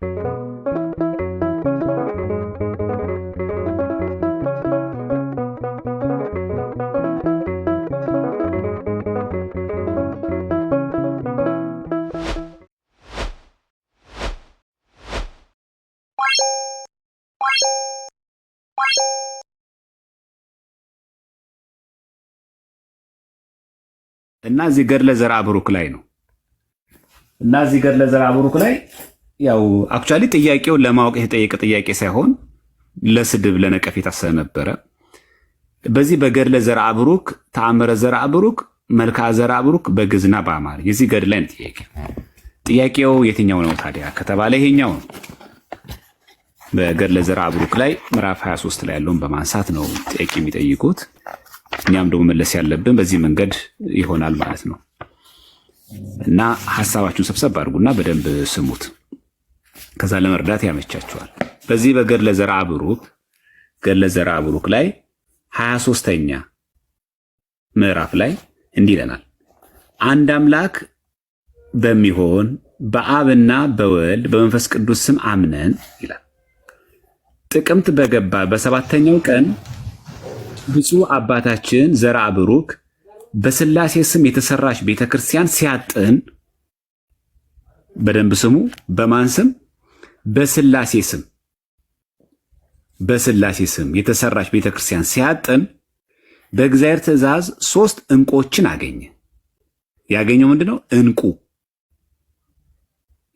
እና እዚህ ገድለ ዘርአ ብሩክ ላይ ነው እና እዚህ ገድለ ዘርአ ብሩክ ላይ ያው አክቹዋሊ ጥያቄው ለማወቅ የተጠየቀ ጥያቄ ሳይሆን ለስድብ ለነቀፌታ ስለነበረ በዚህ በገድለ ዘርአ ብሩክ ተአምረ ዘርአ ብሩክ መልክዓ ዘርአ ብሩክ በግዕዝና በአማር የዚህ ገድል ላይ ጥያቄ። ጥያቄው የትኛው ነው ታዲያ ከተባለ ይሄኛው ነው። በገድለ ዘርአ ብሩክ ላይ ምዕራፍ 23 ላይ ያለውን በማንሳት ነው ጥያቄ የሚጠይቁት። እኛም ደግሞ መለስ ያለብን በዚህ መንገድ ይሆናል ማለት ነው እና ሀሳባችሁን ሰብሰብ አድርጉና በደንብ ስሙት። ከዛ ለመርዳት ያመቻቸዋል። በዚህ በገድለ ዘርዓ ብሩክ ገድለ ዘርዓ ብሩክ ላይ ሀያ ሦስተኛ ምዕራፍ ላይ እንዲህ ይለናል። አንድ አምላክ በሚሆን በአብና በወልድ በመንፈስ ቅዱስ ስም አምነን ይላል። ጥቅምት በገባ በሰባተኛው ቀን ብፁዕ አባታችን ዘርዓ ብሩክ በስላሴ ስም የተሰራች ቤተ ክርስቲያን ሲያጥን በደንብ ስሙ። በማን ስም? በስላሴ ስም በስላሴ ስም የተሰራች ቤተ ክርስቲያን ሲያጥን በእግዚአብሔር ትእዛዝ ሶስት እንቆችን አገኘ። ያገኘው ምንድን ነው? እንቁ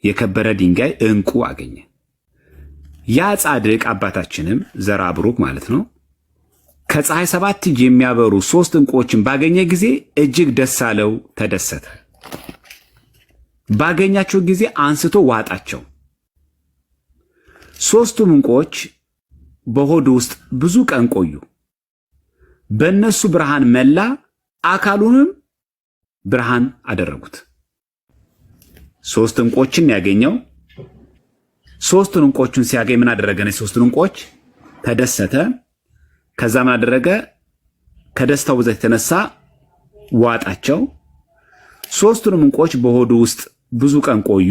የከበረ ድንጋይ እንቁ አገኘ። ያ ጻድቅ አባታችንም ዘራ ብሩክ ማለት ነው ከፀሐይ ሰባት እጅ የሚያበሩ ሶስት እንቁዎችን ባገኘ ጊዜ እጅግ ደስ አለው፣ ተደሰተ። ባገኛቸው ጊዜ አንስቶ ዋጣቸው። ሦስቱም እንቆች በሆዱ ውስጥ ብዙ ቀን ቆዩ። በእነሱ ብርሃን መላ፣ አካሉንም ብርሃን አደረጉት። ሦስት እንቆችን ያገኘው ሦስቱን እንቆቹን ሲያገኝ ምን አደረገ? ነው ሦስቱን ዕንቆች ተደሰተ። ከዛ ምን አደረገ? ከደስታው ብዛት የተነሳ ዋጣቸው። ሦስቱንም እንቆች በሆዱ ውስጥ ብዙ ቀን ቆዩ።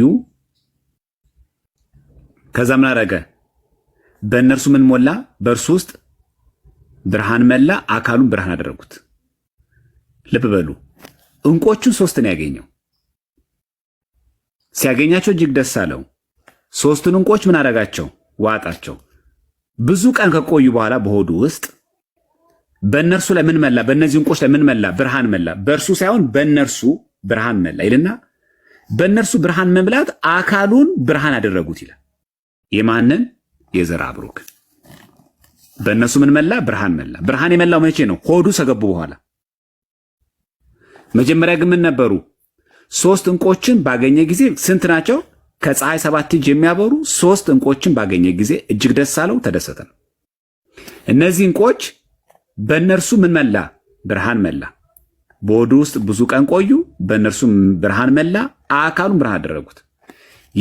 ከዛ ምን አረገ? በእነርሱ ምን ሞላ? በእርሱ ውስጥ ብርሃን መላ፣ አካሉን ብርሃን አደረጉት። ልብ በሉ እንቆቹን ሶስትን ያገኘው ሲያገኛቸው እጅግ ደስ አለው። ሶስቱን እንቆች ምን አረጋቸው? ዋጣቸው። ብዙ ቀን ከቆዩ በኋላ በሆዱ ውስጥ በእነርሱ ላይ ምን መላ? በእነዚህ እንቆች ላይ ምን መላ? ብርሃን መላ። በእርሱ ሳይሆን በእነርሱ ብርሃን መላ ይልና በእነርሱ ብርሃን መምላት አካሉን ብርሃን አደረጉት ይላል። የማንን የዘራ ብሩክ በእነሱ ምን መላ ብርሃን መላ ብርሃን የመላው መቼ ነው ሆዱ ሰገቡ በኋላ መጀመሪያ ግን ምን ነበሩ ሶስት እንቆችን ባገኘ ጊዜ ስንት ናቸው ከፀሐይ ሰባት እጅ የሚያበሩ ሶስት እንቆችን ባገኘ ጊዜ እጅግ ደስ አለው ተደሰተ ነው እነዚህ እንቆች በእነርሱ ምን መላ ብርሃን መላ በሆዱ ውስጥ ብዙ ቀን ቆዩ በእነርሱ ብርሃን መላ አካሉን ብርሃን አደረጉት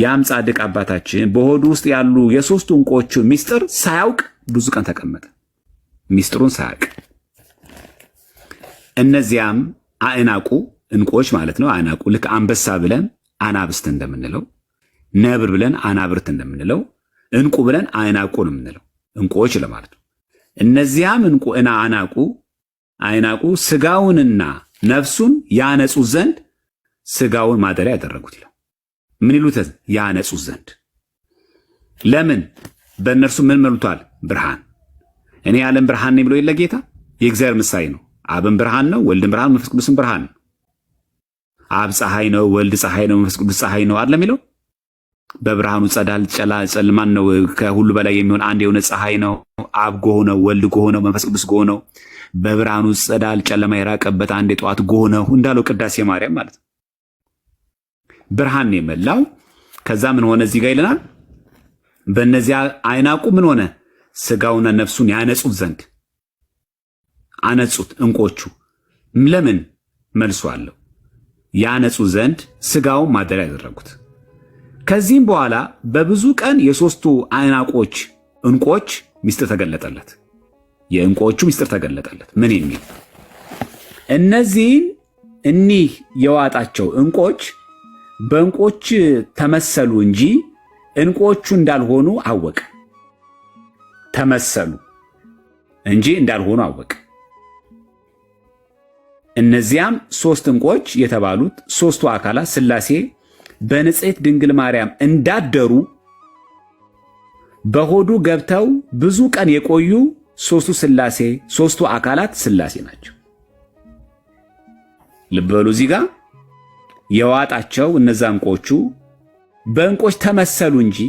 ያም ጻድቅ አባታችን በሆዱ ውስጥ ያሉ የሶስቱ ዕንቁዎቹ ሚስጥር ሳያውቅ ብዙ ቀን ተቀመጠ። ሚስጥሩን ሳያውቅ እነዚያም አእናቁ እንቆች ማለት ነው። አእናቁ ልክ አንበሳ ብለን አናብስት እንደምንለው፣ ነብር ብለን አናብርት እንደምንለው፣ እንቁ ብለን አእናቁ ነው የምንለው። ዕንቁዎች ለማለት ነው። እነዚያም ዕንቁ እና አእናቁ አእናቁ ስጋውንና ነፍሱን ያነጹ ዘንድ ስጋውን ማደሪያ ያደረጉት ይላል። ምን ይሉት ያነጹት ዘንድ ለምን በእነርሱ ምን መልቷል? ብርሃን። እኔ የዓለም ብርሃን ነኝ ብሎ የለ ጌታ የእግዚአብሔር ምሳሌ ነው። አብን ብርሃን ነው፣ ወልድን ብርሃን ነው፣ መንፈስ ቅዱስን ብርሃን ነው። አብ ፀሐይ ነው፣ ወልድ ፀሐይ ነው፣ መንፈስ ቅዱስ ፀሐይ ነው አይደል የሚለው በብርሃኑ ጸዳል ጨላ ጨልማን ነው። ከሁሉ በላይ የሚሆን አንድ የሆነ ፀሐይ ነው። አብ ጎህ ነው፣ ወልድ ጎህ ነው፣ መንፈስ ቅዱስ ጎህ ነው። በብርሃኑ ጸዳል ጨለማ የራቀበት አንድ የጠዋት ጎህ ነው እንዳለው ቅዳሴ ማርያም ማለት ነው። ብርሃን የመላው። ከዛ ምን ሆነ እዚህ ጋር ይለናል። በእነዚያ አይናቁ ምን ሆነ ስጋውና ነፍሱን ያነጹት ዘንድ አነጹት። እንቆቹ ለምን መልሶ አለው ያነጹ ዘንድ ስጋውን ማደሪያ ያደረጉት። ከዚህም በኋላ በብዙ ቀን የሶስቱ አይናቆች እንቆች ሚስጥር ተገለጠለት። የእንቆቹ ሚስጥር ተገለጠለት። ምን የሚል እነዚህን እኒህ የዋጣቸው እንቆች በእንቆች ተመሰሉ እንጂ እንቆቹ እንዳልሆኑ አወቀ። ተመሰሉ እንጂ እንዳልሆኑ አወቀ። እነዚያም ሶስት እንቆች የተባሉት ሶስቱ አካላት ስላሴ በንጽሕት ድንግል ማርያም እንዳደሩ በሆዱ ገብተው ብዙ ቀን የቆዩ ሶስቱ ስላሴ ሶስቱ አካላት ስላሴ ናቸው። ልበሉ እዚህ ጋር የዋጣቸው እነዛ እንቆቹ በእንቆች ተመሰሉ እንጂ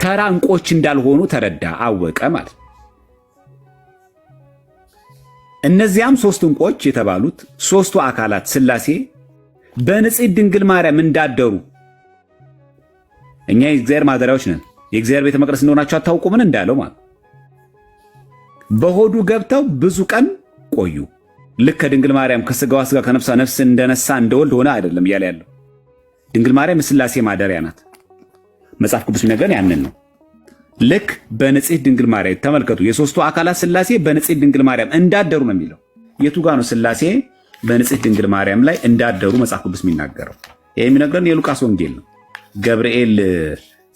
ተራ እንቆች እንዳልሆኑ ተረዳ፣ አወቀ ማለት እነዚያም ሶስት እንቆች የተባሉት ሶስቱ አካላት ስላሴ በንጽሕት ድንግል ማርያም እንዳደሩ እኛ የእግዚአብሔር ማደሪያዎች ነን፣ የእግዚአብሔር ቤተ መቅደስ እንደሆናቸው አታውቁምን እንዳለው ማለት በሆዱ ገብተው ብዙ ቀን ቆዩ። ልክ ከድንግል ማርያም ከስጋዋ ስጋ ከነፍሷ ነፍስ እንደነሳ እንደወልድ ሆነ አይደለም እያለ ያለው። ድንግል ማርያም የስላሴ ማደሪያ ናት። መጽሐፍ ቅዱስ የሚነግረን ያንን ነው። ልክ በንጽሕት ድንግል ማርያም ተመልከቱ፣ የሶስቱ አካላት ስላሴ በንጽሕት ድንግል ማርያም እንዳደሩ ነው የሚለው። የቱ ጋ ነው ስላሴ በንጽሕት ድንግል ማርያም ላይ እንዳደሩ መጽሐፍ ቅዱስ የሚናገረው? ይህ የሚነግረን የሉቃስ ወንጌል ነው። ገብርኤል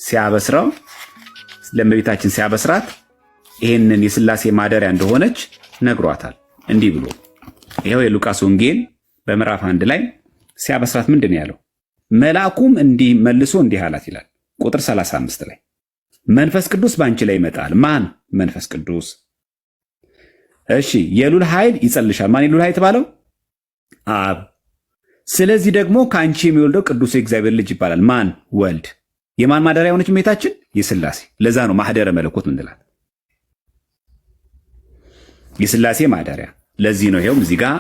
ሲያበስረው ለእመቤታችን ሲያበስራት ይህንን የስላሴ ማደሪያ እንደሆነች ነግሯታል እንዲህ ብሎ ይኸው የሉቃስ ወንጌል በምዕራፍ አንድ ላይ ሲያበስራት ምንድን ነው ያለው? መልአኩም እንዲህ መልሶ እንዲህ አላት ይላል ቁጥር 35 ላይ መንፈስ ቅዱስ በአንቺ ላይ ይመጣል። ማን? መንፈስ ቅዱስ። እሺ፣ የሉል ኃይል ይጸልሻል። ማን የሉል ኃይል የተባለው? አብ። ስለዚህ ደግሞ ከአንቺ የሚወልደው ቅዱስ የእግዚአብሔር ልጅ ይባላል። ማን? ወልድ። የማን ማደሪያ የሆነች እመቤታችን? የስላሴ ለዛ ነው ማህደረ መለኮት ምንላት፣ የስላሴ ማደሪያ ለዚህ ነው ይሄውም እዚህ ጋር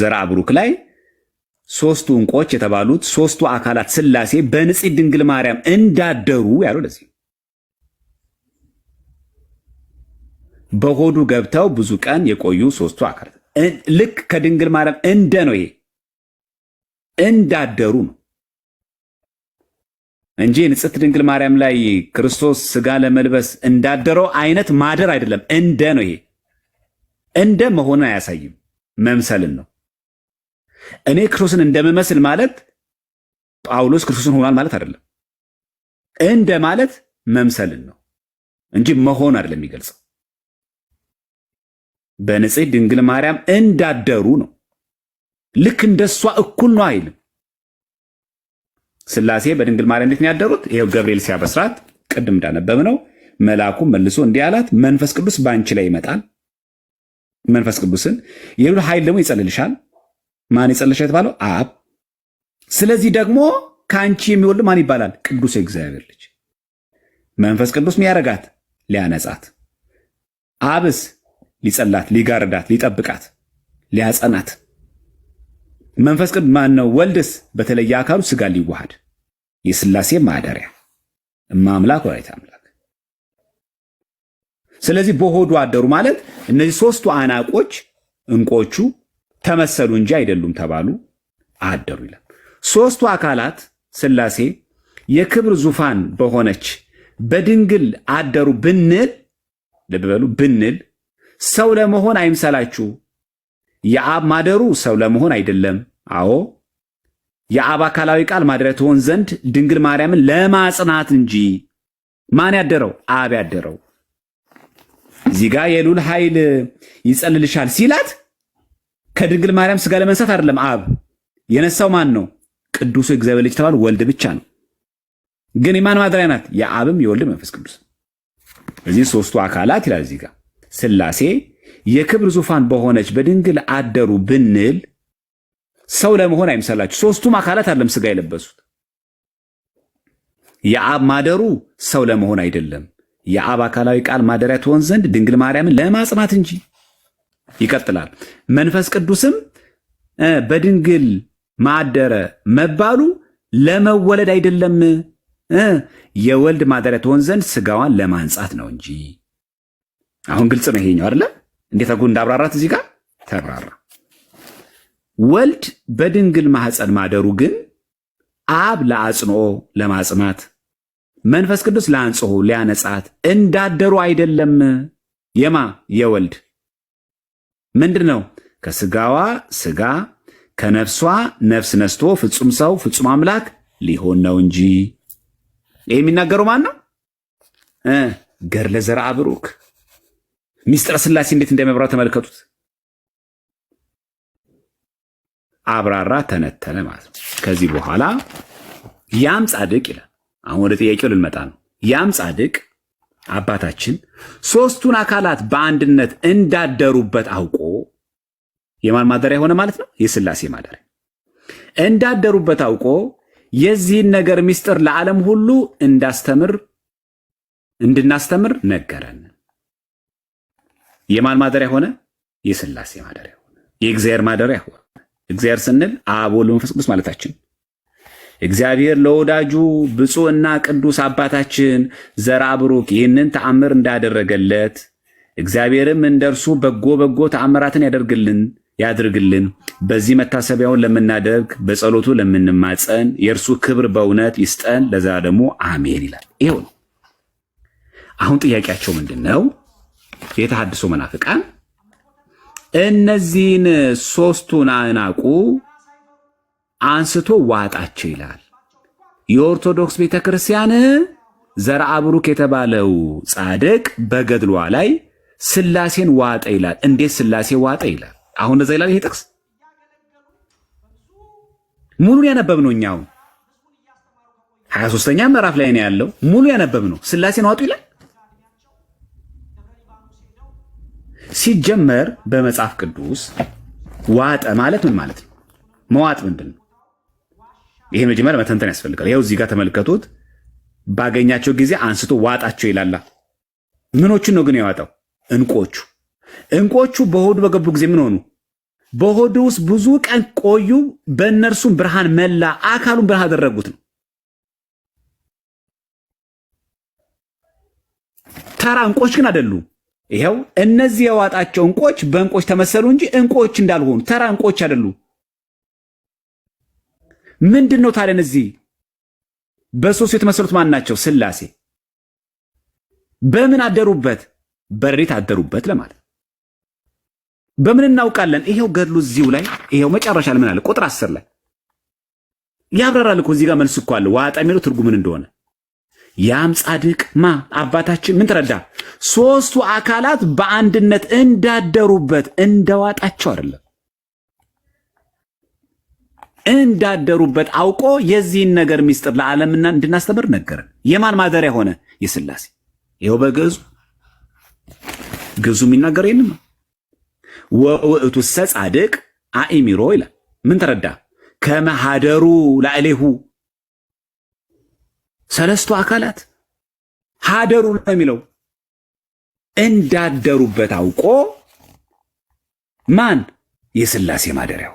ዘራ አብሩክ ላይ ሶስቱ እንቆች የተባሉት ሶስቱ አካላት ስላሴ በንጽሕት ድንግል ማርያም እንዳደሩ ያለው ለዚህ በሆዱ ገብተው ብዙ ቀን የቆዩ ሶስቱ አካላት ልክ ከድንግል ማርያም እንደ ነው ይሄ እንዳደሩ ነው እንጂ ንጽሕት ድንግል ማርያም ላይ ክርስቶስ ስጋ ለመልበስ እንዳደረው አይነት ማደር አይደለም፣ እንደ ነው ይሄ። እንደ መሆንን አያሳይም፣ መምሰልን ነው። እኔ ክርስቶስን እንደምመስል ማለት ጳውሎስ ክርስቶስን ሆኗል ማለት አይደለም። እንደ ማለት መምሰልን ነው እንጂ መሆን አይደለም የሚገልጸው። በንጽሕት ድንግል ማርያም እንዳደሩ ነው። ልክ እንደሷ እኩል ነው አይልም። ስላሴ በድንግል ማርያም እንዴት ነው ያደሩት? ይኸው ገብርኤል ሲያበስራት ቅድም እንዳነበብ ነው። መልአኩ መልሶ እንዲህ አላት፣ መንፈስ ቅዱስ በአንቺ ላይ ይመጣል መንፈስ ቅዱስን የሉል ኃይል ደግሞ ይጸልልሻል። ማን ይጸልልሻል የተባለው አብ። ስለዚህ ደግሞ ከአንቺ የሚወልድ ማን ይባላል? ቅዱስ የእግዚአብሔር ልጅ መንፈስ ቅዱስ ሚያረጋት ሊያነጻት፣ አብስ ሊጸላት፣ ሊጋርዳት፣ ሊጠብቃት፣ ሊያጸናት መንፈስ ቅዱስ ማን ነው? ወልድስ በተለየ አካሉ ስጋ ሊዋሃድ የስላሴ ማደሪያ እማ አምላክ ወላዲተ አምላክ ስለዚህ በሆዱ አደሩ ማለት እነዚህ ሶስቱ አናቆች እንቆቹ ተመሰሉ እንጂ አይደሉም ተባሉ አደሩ ይላል። ሶስቱ አካላት ስላሴ የክብር ዙፋን በሆነች በድንግል አደሩ ብንል ልብ በሉ ብንል ሰው ለመሆን አይምሰላችሁ። የአብ ማደሩ ሰው ለመሆን አይደለም። አዎ የአብ አካላዊ ቃል ማደሪያ ትሆን ዘንድ ድንግል ማርያምን ለማጽናት እንጂ ማን ያደረው? አብ ያደረው። እዚህ ጋር የሉል ኃይል ይጸልልሻል ሲላት ከድንግል ማርያም ስጋ ለመንሳት አይደለም። አብ የነሳው ማን ነው? ቅዱሱ እግዚአብሔር ልጅ ተባል ወልድ ብቻ ነው። ግን የማን ማደሪያ ናት? የአብም የወልድ መንፈስ ቅዱስ። እዚህ ሶስቱ አካላት ይላል እዚህ ጋር ስላሴ የክብር ዙፋን በሆነች በድንግል አደሩ ብንል ሰው ለመሆን አይምሰላችሁ። ሶስቱም አካላት አይደለም ስጋ የለበሱት። የአብ ማደሩ ሰው ለመሆን አይደለም። የአብ አካላዊ ቃል ማደሪያ ትሆን ዘንድ ድንግል ማርያምን ለማጽናት እንጂ። ይቀጥላል። መንፈስ ቅዱስም በድንግል ማደረ መባሉ ለመወለድ አይደለም፣ የወልድ ማደሪያ ትሆን ዘንድ ስጋዋን ለማንጻት ነው እንጂ። አሁን ግልጽ ነው ይሄኛው አይደለ? እንዴት አጉ እንዳብራራት እዚህ ጋር ተብራራ። ወልድ በድንግል ማህፀን ማደሩ ግን አብ ለአጽንኦ ለማጽናት መንፈስ ቅዱስ ለአንጽሁ ሊያነጻት እንዳደሩ አይደለም። የማ የወልድ ምንድን ነው? ከስጋዋ ስጋ ከነፍሷ ነፍስ ነስቶ ፍጹም ሰው ፍጹም አምላክ ሊሆን ነው እንጂ። ይህ የሚናገረው ማን ነው? ገድለ ዘርአ ብሩክ ሚስጥረ ስላሴ እንዴት እንደሚያብራ ተመልከቱት። አብራራ ተነተነ ማለት ነው። ከዚህ በኋላ ያም ጻድቅ ይላል አሁን ወደ ጥያቄው ልንመጣ ነው። ያም ጻድቅ አባታችን ሶስቱን አካላት በአንድነት እንዳደሩበት አውቆ የማን ማደሪያ የሆነ ማለት ነው? የስላሴ ማደሪያ እንዳደሩበት አውቆ የዚህን ነገር ምስጢር ለዓለም ሁሉ እንዳስተምር እንድናስተምር ነገረን። የማን ማደሪያ ሆነ? የስላሴ ማደሪያ ሆነ። የእግዚአብሔር ማደሪያ ሆነ። እግዚአብሔር ስንል አብ፣ ወልድ፣ መንፈስ ቅዱስ ማለታችን እግዚአብሔር ለወዳጁ ብፁዕና ቅዱስ አባታችን ዘርአ ብሩክ ይህንን ተአምር እንዳደረገለት እግዚአብሔርም እንደ እርሱ በጎ በጎ ተአምራትን ያደርግልን ያድርግልን። በዚህ መታሰቢያውን ለምናደርግ በጸሎቱ ለምንማፀን የእርሱ ክብር በእውነት ይስጠን ለዘላለሙ አሜን ይላል። ይኸው ነው። አሁን ጥያቄያቸው ምንድን ነው? የተሃድሶ መናፍቃን እነዚህን ሶስቱን አናቁ አንስቶ ዋጣቸው ይላል። የኦርቶዶክስ ቤተ ክርስቲያን ዘርአ ብሩክ የተባለው ጻድቅ በገድሏ ላይ ስላሴን ዋጠ ይላል። እንዴት ስላሴ ዋጠ ይላል? አሁን እዛ ይላል ይሄ ጥቅስ ሙሉን ያነበብ ነው። እኛው 23ኛ ምዕራፍ ላይ ነው ያለው። ሙሉ ያነበብ ነው። ስላሴን ዋጡ ይላል። ሲጀመር በመጽሐፍ ቅዱስ ዋጠ ማለት ምን ማለት ነው? መዋጥ ምንድን ነው? ይሄ መጀመሪያ መተንተን ያስፈልጋል። ያው እዚህ ጋር ተመልከቱት። ባገኛቸው ጊዜ አንስቶ ዋጣቸው ይላላ። ምኖቹን ነው ግን ያዋጣው? እንቆቹ እንቆቹ በሆዱ በገቡ ጊዜ ምን ሆኑ? በሆዱ ውስጥ ብዙ ቀን ቆዩ። በእነርሱም ብርሃን መላ፣ አካሉን ብርሃን አደረጉት ነው። ተራ እንቆች ግን አይደሉም። ይኸው እነዚህ የዋጣቸው እንቆች በእንቆች ተመሰሉ እንጂ እንቆች እንዳልሆኑ ተራ እንቆች አይደሉም። ምንድን ነው ታዲያ? እነዚህ በሶስት የተመሰሉት ማን ናቸው? ስላሴ። በምን አደሩበት? በሬት አደሩበት ለማለት በምን እናውቃለን? ይሄው ገድሉ እዚሁ ላይ ይሄው መጨረሻ ለምን ምን አለ? ቁጥር አስር ላይ ያብራራል እኮ እዚህ ጋር መልስ እኮ አለ። ዋጣ የሚለው ትርጉም ምን እንደሆነ ያም ጻድቅ ማ አባታችን ምን ተረዳ? ሶስቱ አካላት በአንድነት እንዳደሩበት እንደዋጣቸው አይደለም። እንዳደሩበት አውቆ የዚህን ነገር ሚስጥር ለዓለምና እንድናስተምር ነገረን። የማን ማደሪያ ሆነ? የስላሴ ይኸው በገዙ ግዕዙ የሚናገር ይህን ነው። ወውእቱ ሰ ጻድቅ አእሚሮ ይላል። ምን ተረዳ? ከመሃደሩ ላዕሌሁ ሰለስቱ አካላት ሀደሩ ነው የሚለው እንዳደሩበት አውቆ ማን ማደሪያ ማደሪያው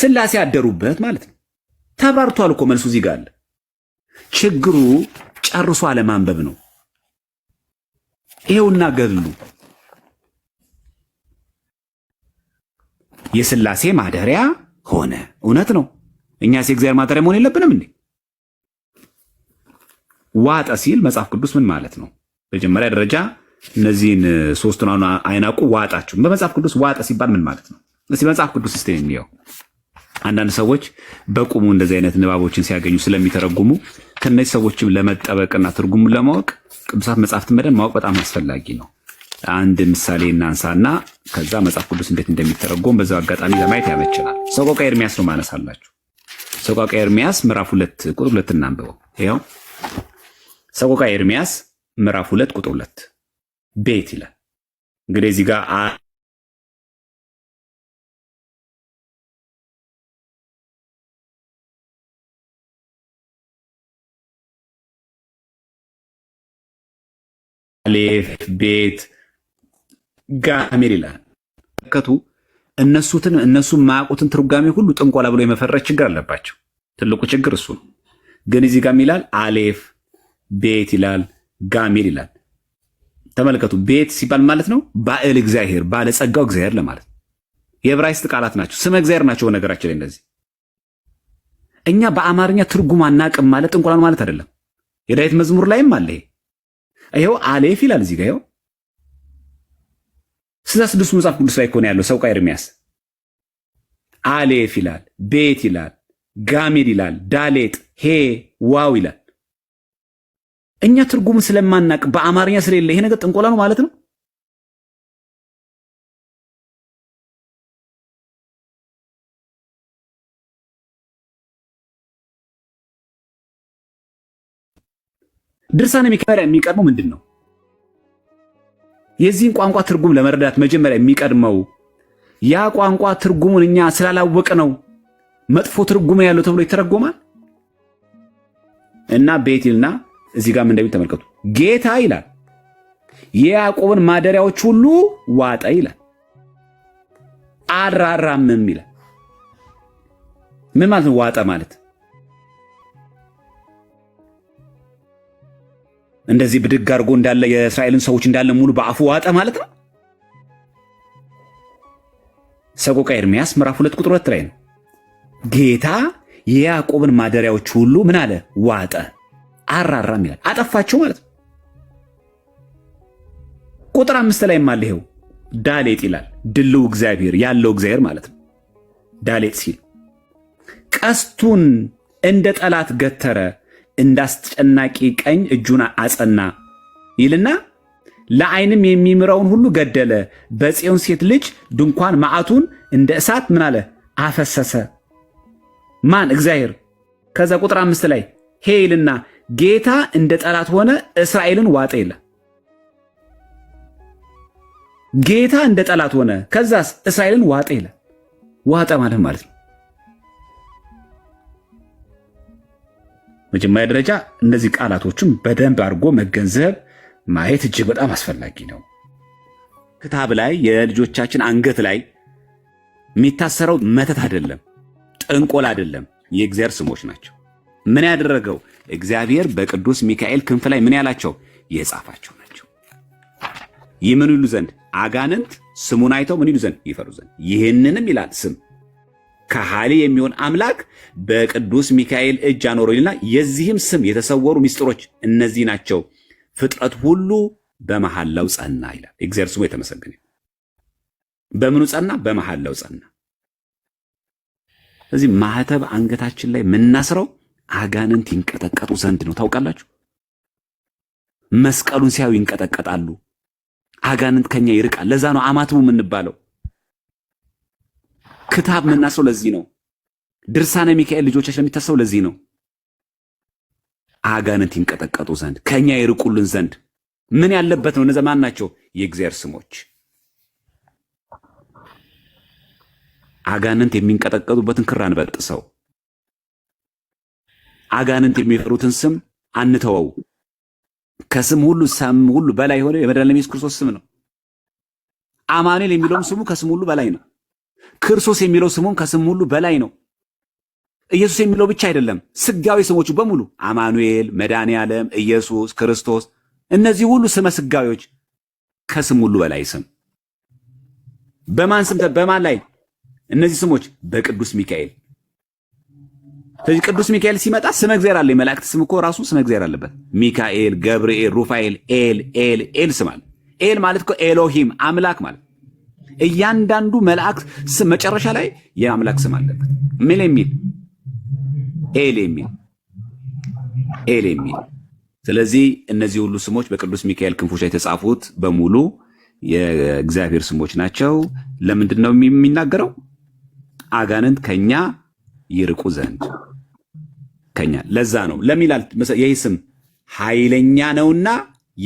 ስላሴ አደሩበት ማለት ነው። ተብራርቷል እኮ መልሱ እዚህ ጋር አለ። ችግሩ ጨርሶ አለማንበብ ነው። ይሄውና ገድሉ የስላሴ ማደሪያ ሆነ። እውነት ነው። እኛስ የእግዚአብሔር ማደሪያ መሆን የለብንም እንዴ? ዋጠ ሲል መጽሐፍ ቅዱስ ምን ማለት ነው? መጀመሪያ ደረጃ እነዚህን ሶስቱን አይናቁ ዋጣችሁ። በመጽሐፍ ቅዱስ ዋጠ ሲባል ምን ማለት ነው? እስቲ መጽሐፍ ቅዱስ ስ የሚየው አንዳንድ ሰዎች በቁሙ እንደዚህ አይነት ንባቦችን ሲያገኙ ስለሚተረጉሙ ከነዚህ ሰዎችም ለመጠበቅና ትርጉሙ ለማወቅ ቅዱሳት መጽሐፍት መደን ማወቅ በጣም አስፈላጊ ነው። አንድ ምሳሌ እናንሳና ከዛ መጽሐፍ ቅዱስ እንዴት እንደሚተረጎም በዛው አጋጣሚ ለማየት ያመችናል። ሰቆቃ ኤርሚያስ ነው ማነሳላችሁ። ሰቆቃ ኤርሚያስ ምዕራፍ ሁለት ቁጥር ሁለት እናንብበው። ይኸው ሰቆቃ ኤርሚያስ ምዕራፍ ሁለት ቁጥር ሁለት ቤት ይላል። እንግዲህ እዚህ ጋር ቤት ጋሜል ይላል። ከቱ እነሱትን እነሱ የማያውቁትን ትርጓሜ ሁሉ ጥንቆላ ብሎ የመፈረጅ ችግር አለባቸው። ትልቁ ችግር እሱ ነው። ግን እዚህ ጋም ይላል አሌፍ ቤት ይላል ጋሜል ይላል። ተመልከቱ ቤት ሲባል ማለት ነው ባዕል እግዚአብሔር ባለጸጋው እግዚአብሔር ለማለት ነው። የዕብራይስጥ ቃላት ናቸው፣ ስመ እግዚአብሔር ናቸው። በነገራችን ላይ እንደዚህ እኛ በአማርኛ ትርጉም አናቅም ማለት ጥንቆላን ማለት አይደለም። የዳዊት መዝሙር ላይም አለ ይሄ ይኸው አሌፍ ይላል እዚህ ጋር ይኸው ስድስቱ መጽሐፍ ቅዱስ ላይ ከሆነ ያለው ሰውቃ ኤርሚያስ አሌፍ ይላል፣ ቤት ይላል፣ ጋሜድ ይላል፣ ዳሌጥ፣ ሄ፣ ዋው ይላል። እኛ ትርጉም ስለማናቅ በአማርኛ ስለሌለ ይሄ ነገር ጥንቆላ ነው ማለት ነው። ድርሳን ሚካኤል የሚቀድመው ምንድን ነው? የዚህን ቋንቋ ትርጉም ለመረዳት መጀመሪያ የሚቀድመው ያ ቋንቋ ትርጉሙን እኛ ስላላወቅ ነው መጥፎ ትርጉም ያለው ተብሎ ይተረጎማል። እና ቤት ይልና እዚህ ጋር እንደሚል ተመልከቱ። ጌታ ይላል የያዕቆብን ማደሪያዎች ሁሉ ዋጠ ይላል። አራራምም ይላል። ምን ማለት ነው? ዋጠ ማለት እንደዚህ ብድግ አድርጎ እንዳለ የእስራኤልን ሰዎች እንዳለ ሙሉ በአፉ ዋጠ ማለት ነው። ሰቆቃ ኤርምያስ ምዕራፍ ሁለት ቁጥር ሁለት ላይ ነው። ጌታ የያዕቆብን ማደሪያዎች ሁሉ ምን አለ? ዋጠ፣ አራራም ይላል። አጠፋቸው ማለት ነው። ቁጥር አምስት ላይ አለ ይኸው ዳሌጥ ይላል። ድልው እግዚአብሔር ያለው እግዚአብሔር ማለት ነው። ዳሌጥ ሲል ቀስቱን እንደ ጠላት ገተረ እንዳስጨናቂ ቀኝ እጁን አጸና ይልና ለዓይንም የሚምረውን ሁሉ ገደለ። በጽዮን ሴት ልጅ ድንኳን መዓቱን እንደ እሳት ምን አለ አፈሰሰ። ማን? እግዚአብሔር። ከዛ ቁጥር አምስት ላይ ይልና ጌታ እንደ ጠላት ሆነ እስራኤልን ዋጠ ይለ ጌታ እንደ ጠላት ሆነ ከዛስ እስራኤልን ዋጠ ይለ ዋጠ ማለት ማለት ነው። መጀመሪያ ደረጃ እነዚህ ቃላቶችን በደንብ አድርጎ መገንዘብ ማየት እጅግ በጣም አስፈላጊ ነው። ክታብ ላይ የልጆቻችን አንገት ላይ የሚታሰረው መተት አይደለም፣ ጥንቆል አይደለም፣ የእግዚአብሔር ስሞች ናቸው። ምን ያደረገው እግዚአብሔር በቅዱስ ሚካኤል ክንፍ ላይ ምን ያላቸው የጻፋቸው ናቸው። ይህ ምን ይሉ ዘንድ አጋንንት ስሙን አይተው ምን ይሉ ዘንድ ይፈሩ ዘንድ ይህንንም ይላል ስም ከሃሊ የሚሆን አምላክ በቅዱስ ሚካኤል እጅ አኖረኝና የዚህም ስም የተሰወሩ ሚስጥሮች እነዚህ ናቸው። ፍጥረት ሁሉ በመሐላው ጸና ይላል። እግዚአብሔር ስሙ የተመሰገነ። በምኑ ጸና? በመሐላው ጸና። ስለዚህ ማህተብ አንገታችን ላይ የምናስረው አጋንንት ይንቀጠቀጡ ዘንድ ነው። ታውቃላችሁ፣ መስቀሉን ሲያዩ ይንቀጠቀጣሉ። አጋንንት ከኛ ይርቃል። ለዛ ነው አማትቡ የምንባለው። ክታብ የምናስረው ለዚህ ነው። ድርሳነ ሚካኤል ልጆቻችን የሚታሰው ለዚህ ነው። አጋንንት ይንቀጠቀጡ ዘንድ ከእኛ ይርቁልን ዘንድ ምን ያለበት ነው? እነዛ ማን ናቸው? የእግዚአብሔር ስሞች። አጋንንት የሚንቀጠቀጡበትን ክር አንበጥሰው፣ አጋንንት የሚፈሩትን ስም አንተወው። ከስም ሁሉ ስም ሁሉ በላይ የሆነ የመድኃኔዓለም ኢየሱስ ክርስቶስ ስም ነው። አማኑኤል የሚለውም ስሙ ከስም ሁሉ በላይ ነው። ክርስቶስ የሚለው ስሙም ከስም ሁሉ በላይ ነው። ኢየሱስ የሚለው ብቻ አይደለም፣ ስጋዊ ስሞቹ በሙሉ አማኑኤል፣ መድኃኔ ዓለም፣ ኢየሱስ ክርስቶስ፣ እነዚህ ሁሉ ስመ ስጋዊዎች ከስም ሁሉ በላይ ስም በማን ስም በማን ላይ እነዚህ ስሞች በቅዱስ ሚካኤል። ስለዚህ ቅዱስ ሚካኤል ሲመጣ ስመ እግዚአብሔር አለ። የመላእክት ስም እኮ ራሱ ስመ እግዚአብሔር አለበት። ሚካኤል፣ ገብርኤል፣ ሩፋኤል፣ ኤል ኤል ኤል ስማል። ኤል ማለት እኮ ኤሎሂም አምላክ ማለት እያንዳንዱ መልአክ ስም መጨረሻ ላይ የአምላክ ስም አለበት። ምን የሚል ኤል የሚል ኤል የሚል ስለዚህ እነዚህ ሁሉ ስሞች በቅዱስ ሚካኤል ክንፎች ላይ የተጻፉት በሙሉ የእግዚአብሔር ስሞች ናቸው። ለምንድን ነው የሚናገረው? አጋንንት ከኛ ይርቁ ዘንድ ከኛ ለዛ ነው ለሚላል ይህ ስም ኃይለኛ ነውና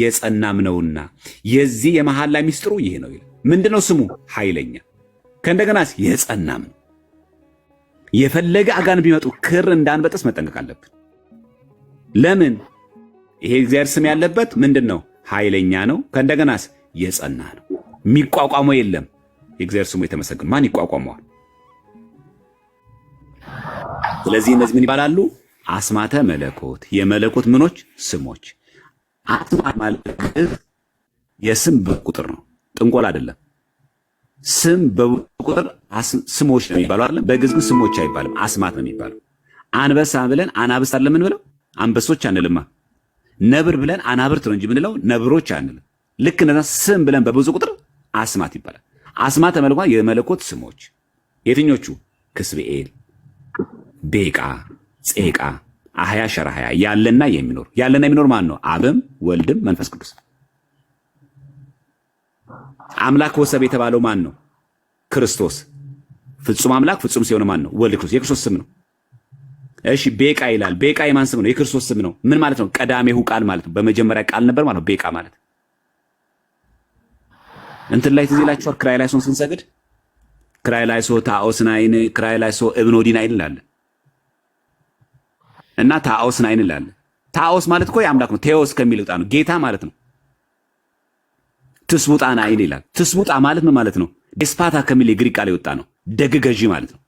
የጸናም ነውና የዚህ የመሐላ ሚስጥሩ ይህ ነው ይላል። ምንድነው ስሙ? ኃይለኛ ከእንደገናስ የጸናም ነው። የፈለገ አጋን ቢመጡ ክር እንዳንበጥስ መጠንቀቅ አለብን። ለምን? ይሄ እግዚአብሔር ስም ያለበት ምንድን ነው? ኃይለኛ ነው። ከእንደገናስ የጸና ነው። የሚቋቋመው የለም። የእግዚአብሔር ስሙ የተመሰግን ማን ይቋቋመዋል? ስለዚህ እነዚህ ምን ይባላሉ? አስማተ መለኮት፣ የመለኮት ምኖች ስሞች። አስማት ማለት የስም ቁጥር ነው። ጥንቆል አይደለም። ስም በቁጥር ስሞች ነው የሚባለው አይደለም። በግዕዝ ግን ስሞች አይባልም፣ አስማት ነው የሚባለው። አንበሳ ብለን አናብስት አይደለም የምንለው፣ አንበሶች አንልማ። ነብር ብለን አናብርት ነው እንጂ የምንለው ነብሮች አንልም። ልክ እንደዛ ስም ብለን በብዙ ቁጥር አስማት ይባላል። አስማት ተመልኳ የመለኮት ስሞች የትኞቹ? ክስብኤል፣ ቤቃ፣ ጼቃ፣ አህያ፣ ሸራሃያ ያለና የሚኖር ያለና የሚኖር ማን ነው? አብም ወልድም መንፈስ ቅዱስ አምላክ ወሰብ የተባለው ማን ነው? ክርስቶስ። ፍጹም አምላክ ፍጹም ሲሆን ማን ነው? ወልድ ክርስቶስ። የክርስቶስ ስም ነው። እሺ ቤቃ ይላል። ቤቃ የማን ስም ነው? የክርስቶስ ስም ነው። ምን ማለት ነው? ቀዳሜሁ ቃል ማለት ነው። በመጀመሪያ ቃል ነበር ማለት ነው። ቤቃ ማለት እንትን ላይ ትዝ ይላችኋል። ክራይ ላይ ሶን ስንሰግድ ክራይ ላይ ሶ ታኦስናይን ክራይ ላይ ሶ እብኖዲናይን እንላለን እና ታኦስናይን እንላለን። ታኦስ ማለት እኮ የአምላክ ነው። ቴዎስ ከሚል ዕጣ ነው ጌታ ማለት ነው። ትስቡጣና አይል ይላል። ትስቡጣ ማለት ምን ማለት ነው? ዴስፓታ ከሚል የግሪክ ቃል የወጣ ነው። ደግ ገዢ ማለት ነው።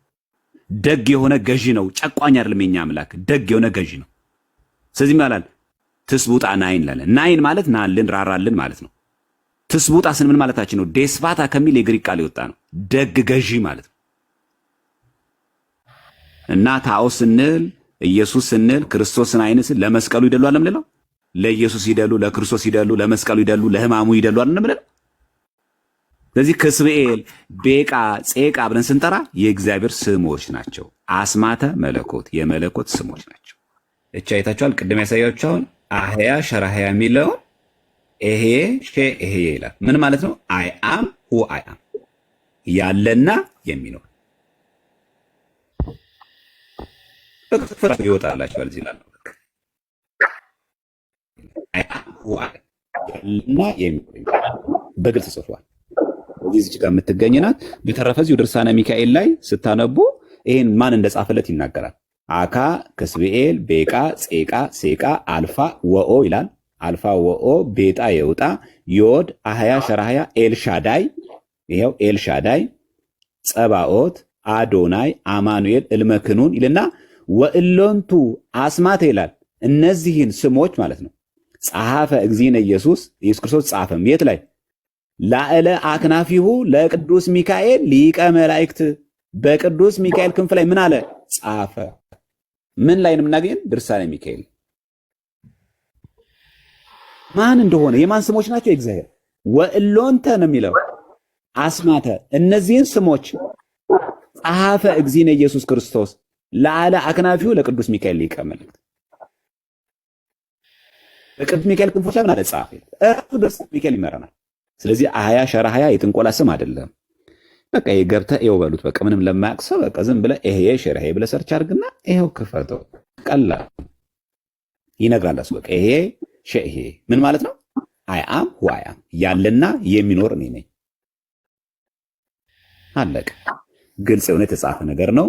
ደግ የሆነ ገዢ ነው። ጨቋኝ አይደለም የኛ አምላክ፣ ደግ የሆነ ገዢ ነው። ስለዚህ ይላል ትስቡጣ ናይን ላለ ናይን ማለት ናልን ራራልን ማለት ነው። ትስቡጣ ስን ምን ማለታችን ነው? ዴስፋታ ከሚል የግሪክ ቃል የወጣ ነው። ደግ ገዢ ማለት ነው። እና ታኦስ ስንል ኢየሱስ ስንል ክርስቶስን አይነስን ለመስቀሉ ይደሏል ሌላው ለኢየሱስ ይደሉ፣ ለክርስቶስ ይደሉ፣ ለመስቀሉ ይደሉ፣ ለሕማሙ ይደሉ አይደለም ብለን ስለዚህ ከስብኤል ቤቃ ጼቃ ብለን ስንጠራ የእግዚአብሔር ስሞች ናቸው። አስማተ መለኮት የመለኮት ስሞች ናቸው። እቻ አይታችኋል። ቅድም ያሳያችሁን አህያ ሸራህያ የሚለውን ይሄ ሼ ይሄ ይላል። ምን ማለት ነው? አይ አም ሁ አይ አም ያለና የሚኖር ይወጣላቸዋል እዚህ እና የሚል በግልጽ ጽፏል። እዚህ ጋር የምትገኝ ናት። በተረፈ እዚሁ ድርሳነ ሚካኤል ላይ ስታነቡ ይህን ማን እንደጻፈለት ይናገራል። አካ ክስብኤል ቤቃ ጼቃ ሴቃ አልፋ ወኦ ይላል። አልፋ ወኦ ቤጣ የውጣ ዮድ አህያ ሸራህያ ኤልሻዳይ ይኸው ኤልሻዳይ ጸባኦት አዶናይ አማኑኤል እልመክኑን ይልና ወእሎንቱ አስማት ይላል። እነዚህን ስሞች ማለት ነው ጸሐፈ እግዚእነ ኢየሱስ ኢየሱስ ክርስቶስ ጻፈም። የት ላይ ላዕለ አክናፊሁ ለቅዱስ ሚካኤል ሊቀ መላእክት በቅዱስ ሚካኤል ክንፍ ላይ ምን አለ ጻፈ። ምን ላይ ነው የምናገኘን? ድርሳነ ሚካኤል። ማን እንደሆነ የማን ስሞች ናቸው? የእግዚአብሔር ወእሎንተ ነው የሚለው አስማተ። እነዚህን ስሞች ጸሐፈ እግዚእነ ኢየሱስ ክርስቶስ ላዕለ አክናፊሁ ለቅዱስ ሚካኤል ሊቀ መላእክት በቅዱስ ሚካኤል ክንፎች ላይ አለ ጻፈ። እራሱ ደስ ሚካኤል ይመረናል። ስለዚህ አያ ሸራ ሀያ የጥንቆላ ስም አይደለም። በቃ ገብተህ ይኸው በሉት። በቃ ምንም ለማያውቅ ሰው በቃ ዝም ብለህ ይሄ ሸራ ሀያ ብለህ ሰርች አድርግና ይሄው ክፈተው። ቀላል ይነግራል። እሱ በቃ ይሄ ሸይሄ ምን ማለት ነው? አይ አም ሁ አይ አም ያለና የሚኖር እኔ ነኝ። አለቀ። ግልጽ የሆነ የተጻፈ ነገር ነው።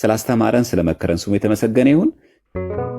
ስላስተማረን ስለመከረን ስሙ የተመሰገነ ይሁን።